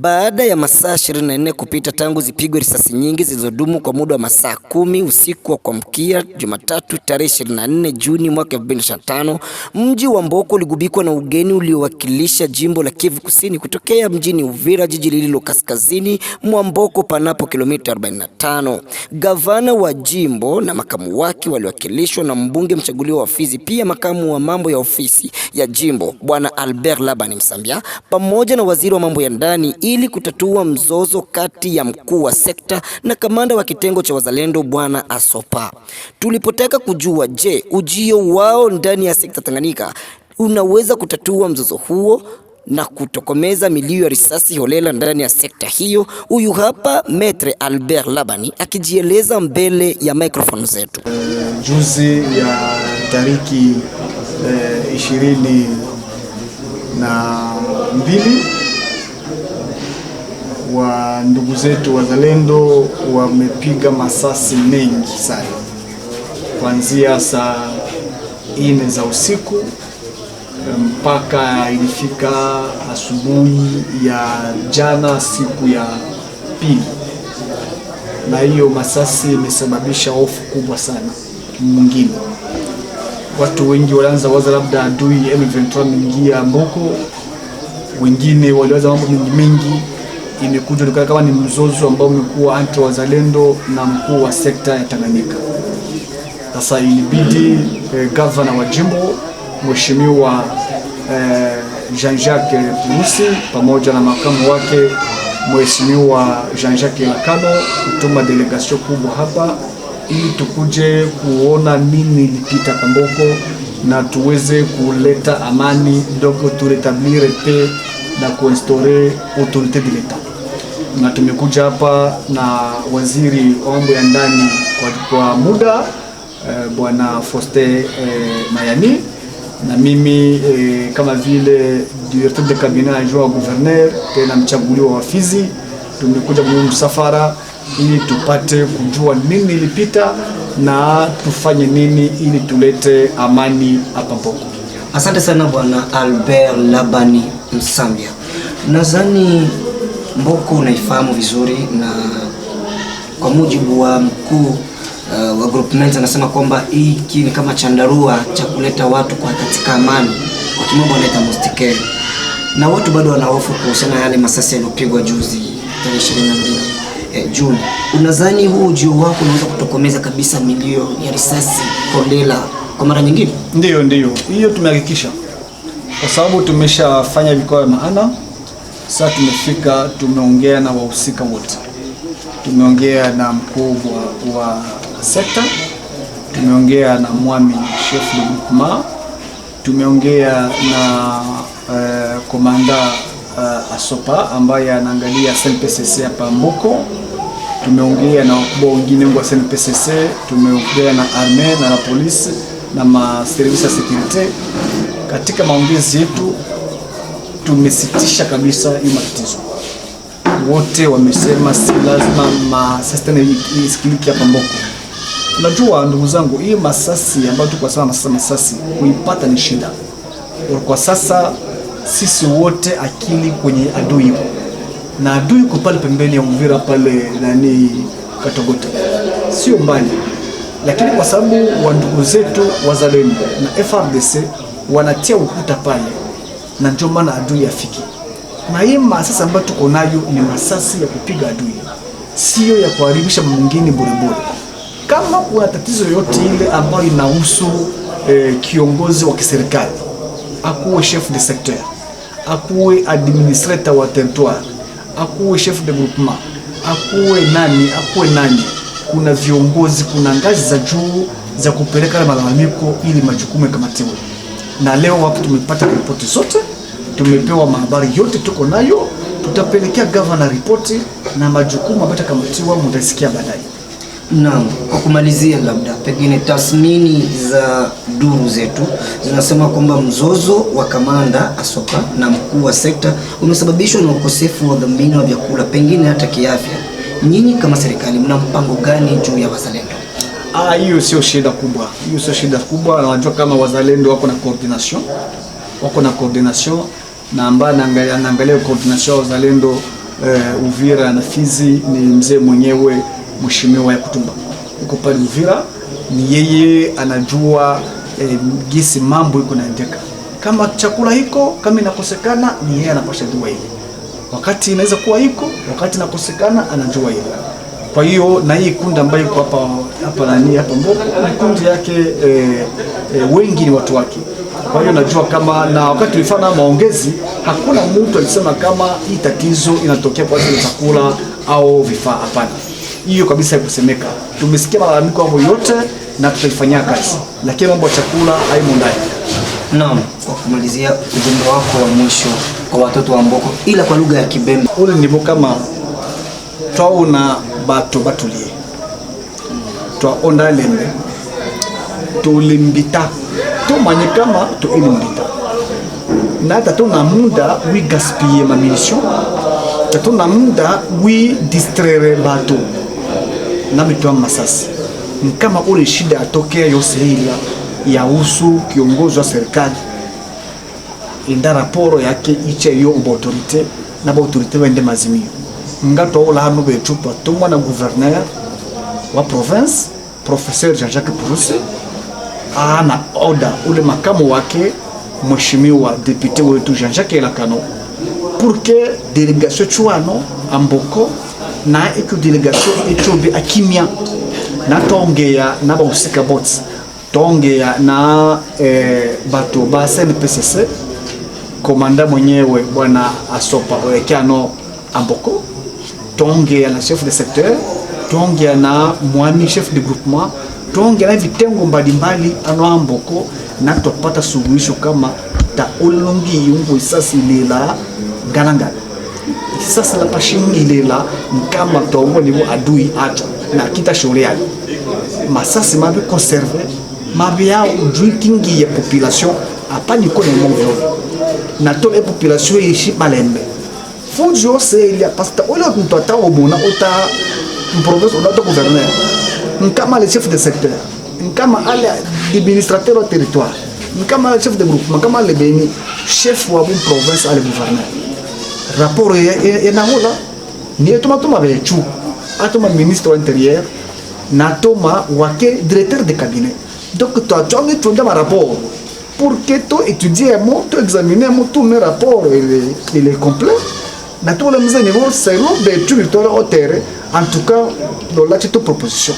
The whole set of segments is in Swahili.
Baada ya masaa 24 kupita tangu zipigwe risasi nyingi zilizodumu kwa muda wa masaa kumi usiku wa kuamkia Jumatatu tarehe 24 Juni mwaka 2025, mji wa Mboko uligubikwa na ugeni uliowakilisha jimbo la Kivu Kusini kutokea mjini Uvira, jiji lililo kaskazini mwa Mboko panapo kilomita 45. Gavana wa jimbo na makamu wake waliwakilishwa na mbunge mchaguliwa wa Fizi, pia makamu wa mambo ya ofisi ya jimbo Bwana Albert Labani Msambia pamoja na waziri wa mambo ya ndani ili kutatua mzozo kati ya mkuu wa sekta na kamanda wa kitengo cha wazalendo Bwana Asopa. Tulipotaka kujua, je, ujio wao ndani ya sekta Tanganyika unaweza kutatua mzozo huo na kutokomeza milio ya risasi holela ndani ya sekta hiyo. Huyu hapa Metre Albert Labani akijieleza mbele ya microphone zetu. Juzi ya tariki eh, ishirini na mbili wa ndugu zetu wazalendo wamepiga masasi mengi sana kuanzia saa nne za usiku eh, mpaka ilifika asubuhi ya jana siku ya pili, na hiyo masasi imesababisha hofu kubwa sana. Mwingine watu wengi walianza waza labda adui M23 ameingia Mboko, wengine waliwaza mambo mengi mengi imekuja likana kama ni mzozo ambao umekuwa anti wazalendo na mkuu wa sekta ya Tanganyika. Sasa ilibidi eh, gavana wa jimbo mheshimiwa eh, Jean-Jacques Purusi pamoja na makamu wake mheshimiwa Jean-Jacques Lakano kutuma delegation kubwa hapa ili tukuje kuona nini ilipita Kamboko na tuweze kuleta amani doko turetablir pe na kuinstaurer autorité de l'État na tumekuja hapa na waziri wa mambo ya ndani kwa, kwa muda e, bwana foste e, Mayani na mimi e, kama vile directeur de cabinet adjoint wa gouverneur tena mchaguliwa wa Fizi, tumekuja kwa msafara ili tupate kujua nini ilipita na tufanye nini ili tulete amani hapa Mboko. Asante sana bwana Albert Labani Msambia, nadhani Mboko unaifahamu vizuri, na kwa mujibu wa mkuu uh, wa group anasema kwamba hiki ni kama chandarua cha kuleta watu kwa katika amani, kwa kimombo wanaita mustikeli, na watu bado hofu kuhusiana na yale masasi yaliyopigwa juzi tarehe 22 E, Juni. Unadhani huu ujio wako unaweza kutokomeza kabisa milio ya risasi Kondela kwa mara nyingine? Ndiyo, ndiyo, hiyo tumehakikisha, kwa sababu tumeshafanya vikao vya maana sasa tumefika, tumeongea na wahusika wote, tumeongea na mkuu wa, wa sekta, tumeongea na Mwami Shefu Lukuma, tumeongea na uh, komanda uh, Asopa ambaye anaangalia SNPCC hapa Mboko, tumeongea na wakubwa wengine wa SNPCC, tumeongea na arme na la polisi na maservisi ya security. Katika maongezi yetu tumesitisha kabisa hiyo matatizo. Wote wamesema si lazima masasi tena isikilike hapa Mboko. Unajua ndugu zangu, hii masasi ambayo tuko sana sasa, masasi kuipata ni shida kwa sasa. Sisi wote akili kwenye adui na adui yuko pale pembeni ya Uvira pale nani Katogota, sio mbali, lakini kwa sababu ndugu zetu wazalendo na FRDC wanatia ukuta pale na ndio maana adui afiki. Na hii masasi ambayo tuko nayo ni masasi ya kupiga adui, sio ya kuharibisha mwingine bure bure. Kama kuna tatizo yoyote ile ambayo inahusu eh, kiongozi wa kiserikali, akuwe chef de secteur, akuwe administrator wa territoire, akuwe chef de groupement, akuwe nani, akuwe nani, kuna viongozi, kuna ngazi za juu za kupeleka malalamiko ili majukumu yakamatiwe. Na leo wapo tumepata ripoti zote tumepewa mahabari yote tuko nayo, tutapelekea gavana ripoti na majukumu ambayo takamtiwa, mutasikia baadaye. Naam, kwa kumalizia, labda pengine tathmini za duru zetu zinasema kwamba mzozo wa kamanda Asoka na mkuu wa sekta umesababishwa na ukosefu wa dhamini wa vyakula, pengine hata kiafya. Nyinyi kama serikali mna mpango gani juu ya wazalendo? Ah, hiyo sio shida kubwa, hiyo sio shida kubwa. Najua kama wazalendo wako na coordination, wako na coordination na ambaye anaangalia coordination wa uzalendo uh, eh, Uvira na Fizi ni mzee mwenyewe Mheshimiwa Yakutumba, uko pale Uvira. Ni yeye anajua eh, gisi mambo iko naendeka, kama chakula hiko kama inakosekana, ni yeye anapasha jua hili, wakati inaweza kuwa hiko, wakati inakosekana, anajua hili. Kwa hiyo na hii kundi ambayo iko hapa hapa nani hapa Mboko, kundi yake eh, eh, wengi ni watu wake kwa hiyo najua kama na wakati tulifanya maongezi, hakuna mtu alisema kama hii tatizo inatokea kwa ajili ya chakula au vifaa. Hapana, hiyo kabisa haikusemeka. Tumesikia malalamiko hapo yote na tutaifanyia kazi, lakini mambo ya chakula haimo ndani. Naam, kwa kumalizia ujumbe wako wa mwisho kwa watoto wa Mboko, ila kwa lugha ya Kibembe ule ndivyo kama twaona bato batulie twaonda lembe tulimbita tumanyikama tuilimlita na hata tuna muda wi gaspiller mamilisio tatuna muda wi distraire batu na mitwa masasi nkama ule shida atokea yose ile ya usu kiongozi wa serikali inda raporo yake iche yo autorite na autorite wende mazimio ngato ola hano bechupa tumwa na gouverneur wa province professeur Jean-Jacques Proust ana oda ule makamu wake mheshimiwa depute wetu Jean-Jacques Elakano pour que delegation chuano amboko na iku delegation ichobe akimia na tongea na bahusika bots tongea na eh, bato ba CNPSC komanda mwenyewe bwana Asopa Olekano eh, amboko tongea na chef de secteur twongera na mwami chef de groupement, twongera vitengo mbalimbali anoamboko na twapata suluhisho kama taolongi yumbu isasi lela ngalangala sasa la pashingi lela nkama tombo adui acho na kita shule yao masasi mabi conserve mabi yao drinking ya population apa niko ni na to e population ishi malembe fujo se ile pasta ole mtu ata obona ota province unaweza gouverner ni un le chef de secteur, un kama administrateur au territoire, un kama le chef de groupe, kama le beni chef wa bu province ale gouverneur. Rapport là. ni etuma tuma bechu atuma ministre intérieur, na tuma wake directeur de cabinet donc to atonge tunda ma rapport pour que to étudiez tu examines examiner mo tout mes rapports il est complet na tout le mise niveau selon des tuiles le terrain. en tout cas lola chitu proposition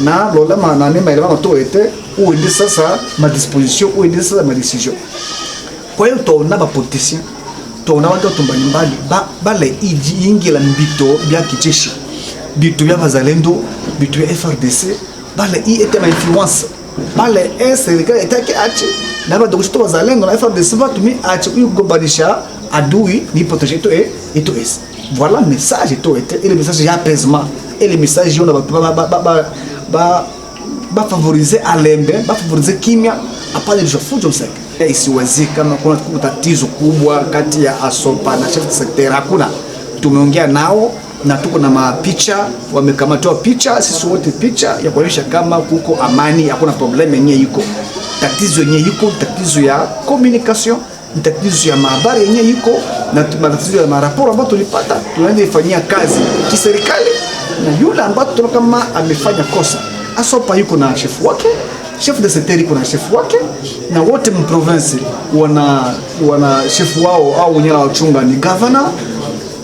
na lola manani maelewa matoete uende sasa ma disposition uende sasa ma decision. Kwa hiyo twaona bapolitisien twaona watu mbalimbali ba bale iji ingila mbito bya kijeshi bitu bya bazalendo bitu bya FRDC bale i ete ma influence bale e serikali itake ache na ba dokushito bazalendo na FRDC batumi ache kuyugombanisha adui ni proteje to e eto esi voilà message etoeta ele message ya apaisement ele message oyo na bato bafavorize alembe bafavorize kimya apana lijafuja mseke e, isiwezi kama kuna tatizo kubwa kati ya asopa na chef secteur hakuna tumeongea nao na tuko na mapicha wamekamatiwa picha sisi wote picha ya kuonyesha kama kuko amani hakuna problem yenyewe iko tatizo yenyewe iko tatizo ya communication ni tatizo ya maabara yenye iko na matatizo ya maraporo ambayo tulipata, tunaenda ifanyia kazi kiserikali, na yule ambaye tunatoka kama amefanya kosa asopa yuko na shefu wake chef de secteur iko na shefu wake na wote mprovinsi wana wana shefu wao au wenyewe wachunga ni governor.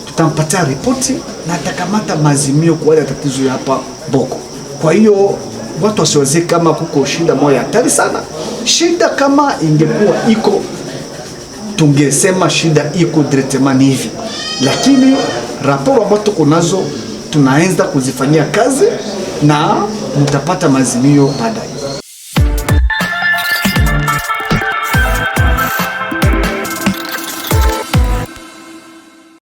Tutampatia ripoti na atakamata mazimio kwa ajili ya tatizo ya hapa Boko. Kwa hiyo watu wasiwazie kama kuko shida moja hatari sana. Shida kama ingekuwa iko tungesema shida iko directement hivi, lakini raporo ambazo tuko nazo tunaanza kuzifanyia kazi na mtapata maazimio baadaye.